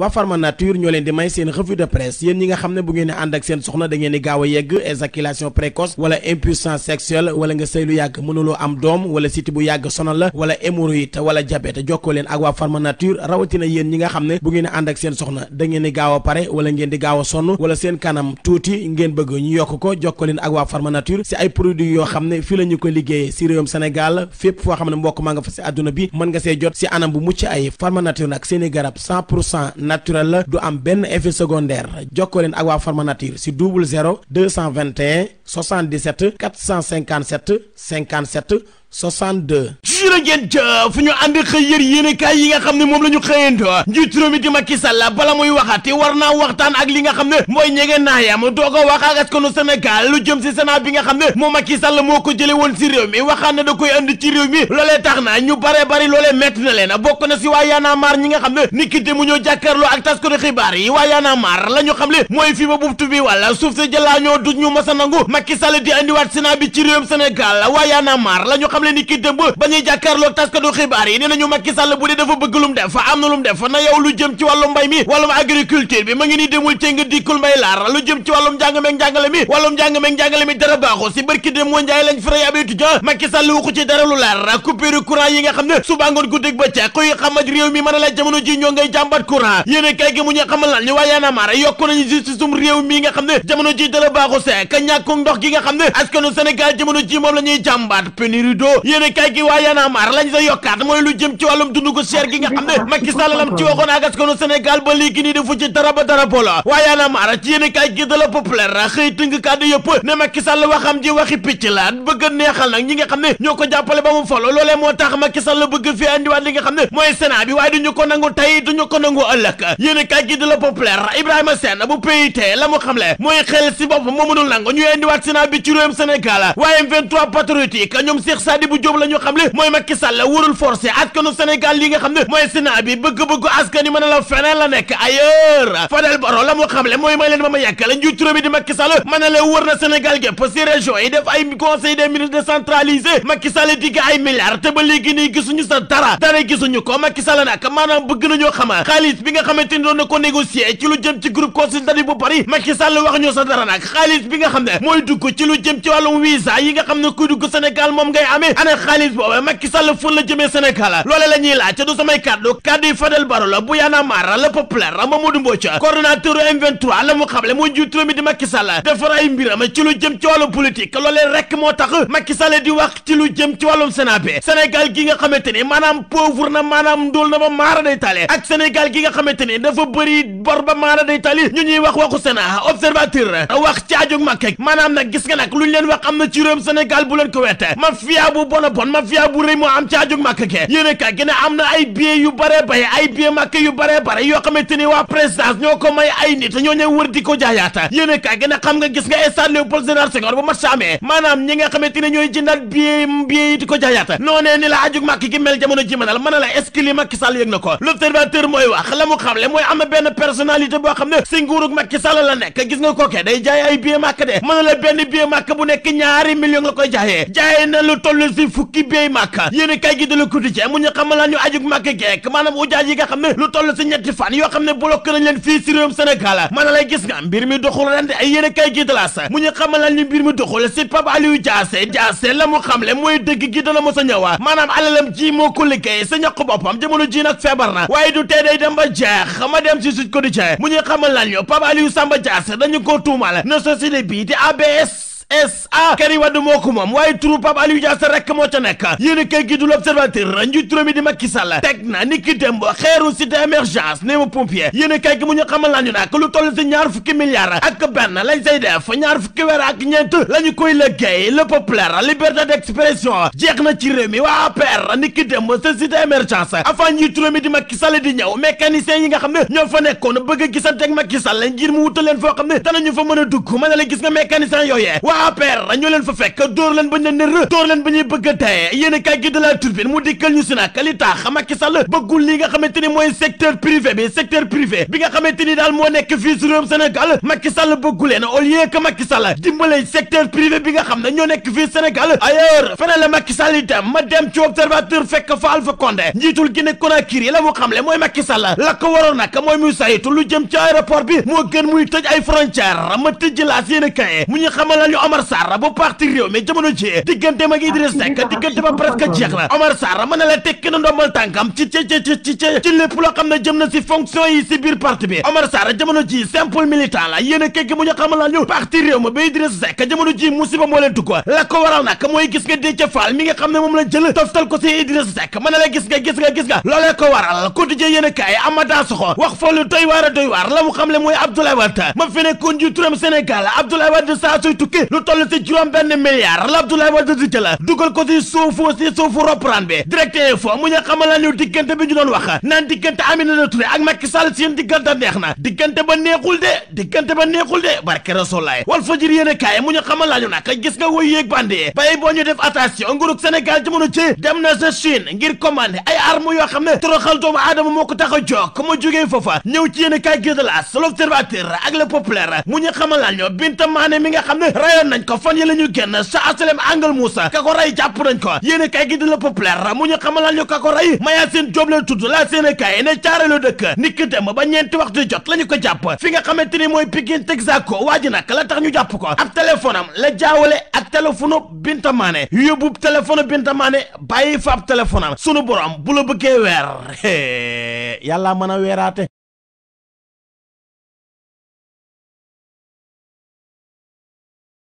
waa Pharma Nature ñoo leen di may seen revue de presse yéen ñi nga xam ne bu ngeen di ànd ak seen soxna da ngeen di gaaw a yegg éjaculation précoce wala impuissance sexuelle wala nga sëy lu yàgg mënuloo am doom wala siti bu yàgg sonal la wala hémorroïde wala diabète jokkoo leen ak waa Pharma Nature rawatina yéen ñi nga xam ne bu ngeen di ànd ak seen soxna da ngeen di gaaw a pare wala ngeen di gaaw a sonn wala seen kanam tuuti ngeen bëgg ñu yokk ko jokkoo ak waa Pharma Nature si ay yoo xam ne fii la ñu ko liggéeyee si réewum Sénégal fépp foo xam ne mbokk maa nga fa si àdduna bi mën nga see jot si anam bu mucc ay Pharma Nature seeni garab 100 pour naturel la du am effet secondaire jokkoo Agua ak waa Pharma Nature double 0 221 77 457 57 62 jërë ngeen jëf ñu ànd xëy yër yéene kaay yi nga xam ne moom la ñu xëyandoo njiit réew mi di Macky Sall bala muy waxati war naa waxtaan ak li nga xam ne mooy ñege naayam doog a wax ak askanu Sénégal lu jëm si Sénat bi nga xam ne Macky Sall moo ko jële woon si réew mi waxaan da koy andi ci réew mi loolee tax ñu bare bari loolee metti na leen bokk na si waa Yaana Mar ñi nga xam ne ni ki mu ñoo jàkkaarloo ak taskanu xibaar yi waa Yaana Mar la ñu xam le fi ma buftu bi wala suuf si jëlaa du ñu masa nangu Macky Sall di andiwaat Sénat bi ci réewum Sénégal waa Yaana Mar la ñu xam xamle ni ki démb ba ñuy jàkkaarloo ci dara lu leer coupure courant yi nga xam ne suba ngoon guddeeg bëccëg kuy xamat réew mi a gi nga xam ne jamono ji dara baaxu ji moom la ñuy jàmbat pénurie yene kay ki wayana mar lañ do yokkat moy lu jëm ci walum dundu ko seer gi nga xamne Macky Sall lam ci agas ko no Senegal ba léegi ni defu ci dara ba dara pola wayana mar ci yene kay ki de la populaire xëy tënk kàddu yëpp ne Macky Sall waxam ji waxi picc la bëgg neexal nak ñi nga xamne ñoko jappalé ba mu fallo lolé mo tax Macky Sall bëgg fi wat li nga xamne moy bi way duñu ko nangu tay duñu ko nangu ëlëk yene kay ki de la populaire Ibrahima Sène bu peyité lamu mu moy xel ci bop mo mënul nangu ñu wat Sénat bi ci réewum Sénégal 23 patriotique Cheikh Sadibou Diop la ñu xam le Macky Sall la warul forcé askanu Sénégal li nga xamné moy mooy Sénat bi begg bëgg askan yi mën la fénal la nek ailleurs Fadel Baro lamu xamlé moy may leen mama yak la njiitu réew mi di Macky Sall mëna a la wër na Sénégal gi gépp si région yi def ay conseil des ministres décentralisé Macky Sall di ga ay milliards te ba légui ni gisuñu sa dara dara gisuñu ko Macky Sall nak manam bëgg nañu xama Khalis bi nga xamé tin doon na ko négocier ci lu jëm ci groupe consultatif bu Paris Macky Sall wax ñu sa dara nak Khalis bi nga xamné moy dugg ci lu jëm ci walu visa yi nga xamné ku dugg Sénégal mom ngay amé ana xaalis booba Macky Sall fun la jëmee Sénégal loole la ñuy laaj te du samay kàddu kàddu yi Fadel Barro la bu yaana maar la populaire Mamadou Mbodj coordonnateur M23 la mu xamle mooy njiitu réew mi di Macky Sall defar ay mbiram ci lu jëm ci wàllu politique loolee rek moo tax Macky Sall di wax ci lu jëm ci wàllum Sénat bi Sénégal gi nga xamante ni maanaam pauvre na maanaam ndóol na ba maara day tali ak Sénégal gi nga xamante ni dafa bëri bor ba maara day tali ñu ñuy wax waxu Sénat observateur wax ci ajog Macky maanaam nag gis nga nag lu leen wax am na ci réewum Sénégal bu leen ko bu bona bon mafia bu rëy moo am ci ajug màkk ke yéene kay gi am na ay billet yu bare bay ay billet màkk yu bare bare yoo xamante ni waa présidence ñoo ko may ay nit ñoo ñëw wër di ko jaayaata yéene kay gi ne xam nga gis nga stade Léopold Sédar Senghor bu match amee maanaam ñi nga xamante ni ñooy jëndaat billet billet yi di ko jaayaata noo ni la ajug màkk gi mel jamono ji manal mën a la est-ce que yëg na ko l'observateur mooy wax la mu xam le a lu si fukki béy màkka yéen kay gi de Le mu ñu xamal ñu ajug màkka geek maanaam ujaaj yi nga xam ne lu toll si ñetti fan yoo xam ne bloqué nañ leen fii si réewum Sénégal mën na lay gis nga mbir mi doxul ren de kay gi mu ñu xamal ñu mbir mi doxul si Pape Aliou Diassé la mu xamle mooy dëgg gi dana mos a ñëwaa ah. maanaam alalam ji moo ko liggéey sa ñaq boppam jamono ji nag feebar na waaye du tee day dem ba jeex ma dem si Sud Quotidien mu ñu xamal ko tuumal na SA Karim Wade moo ko moom waaye turu Pape Aliou Dia rek moo ca nekk yéen kay gi du l'observateur njiitu mi di Macky Sall teg na ni xeeru cité émergence néew pompier yéen kay gi mu ñu xamal laa ñu lu toll si ñaar fukki milliards ak benn lañ say def ñaar fukki weer ak ñeent la koy liggéey le populaire liberté d'expression jeex na ci réew mi waa APR ni ki démb sa cité a avant njiitu mi di Macky Sall di ñëw mécaniciens yi nga xam ne ñoo fa nekkoon bëgg leen foo xam ne danañu a dugg mën a la gis nga APR ñoo leen fa fekk dóor leen ba ñu nër dóor ba ñuy bëgg dee yéen a kaay gi de la turbine mu dikkal ñu si nag li tax Macky bëggul li nga xamante ni mooy secteur privé bi secteur privé bi nga xamante ni daal moo nekk fii si réewum Sénégal Macky Sall bëggu leen au lieu que Macky privé bi nga xam ne ñoo nekk fii Sénégal ailleurs feneen la Macky Sall itam ma dem ci observateur fekk fa Alpha Condé njiitul Guinée Conakry la mu xamle mooy Macky Sall la ko waroon nag mooy muy saytu lu jëm ci aéroport bi moo gën muy tëj ay frontière ma a kaay mu ñu xamal la Omar Sarr bu parti réew mi jamono ji diggante ma ngi Idriss Seck na Omar Sarr mën na la tekki na ndombal tànkam ci ci ci ci lépp loo xam ne jëm na si fonction yi si biir parti bi Omar Sarr jamono ji simple militant la yéen a kekki mu ñu xamal la ñu parti réew mi ba Idriss Seck jamono ji musiba moo leen dugg la ko waral nag mooy gis nga Déthié Fall mi nga xam ne moom la jël toftal ko si Idriss Seck mën na la gis nga gis nga gis nga loolee lu toll ci juróom-benn milliard la Abdoulaye Wade di jël dugal ko ci suufu ci suufu roppalaan bi direct info mu ñu xamal la ñu diggante bi ñu doon wax naan diggante Aminata Touré ak Macky Sall seen diggante neex na diggante ba neexul de diggante ba neexul de barke Rasulaay Walf Fadjri yéen a kaay mu ñu xamal la ñu nag gis nga woy yéeg bande yi bay boo ñu def attention nguurug Sénégal jamono ci dem na sa Chine ngir commandé ay armes yoo xam ne toroxal doomu aadama moo ko tax a jóg mu jógee foofa ñëw ci yéen a kaay gi de l'Observateur ak Le Populaire mu ñu xamal la ñu Binta Mané mi nga xam ne rayon nañ ko fan yi la ñu génn sa asalem angle Moussa ka ko rey jàpp nañ ko yéen kay gi di la populaire mu ñu xamalal ñu ka ko rey mayaa seen jóob leen tudd laa seen kay ne caareelu dëkk nit ki dem ba ñeenti waxtu jot la ñu ko jàpp fi nga xamante ni mooy Pikine Texaco waa ji nag la tax ñu jàpp ko ab téléphone la jaawale ak téléphone Binta Mané yóbbu téléphone Binta Mané bàyyi fa ab téléphone am sunu borom bu la bëggee weer yàlla mën a weeraate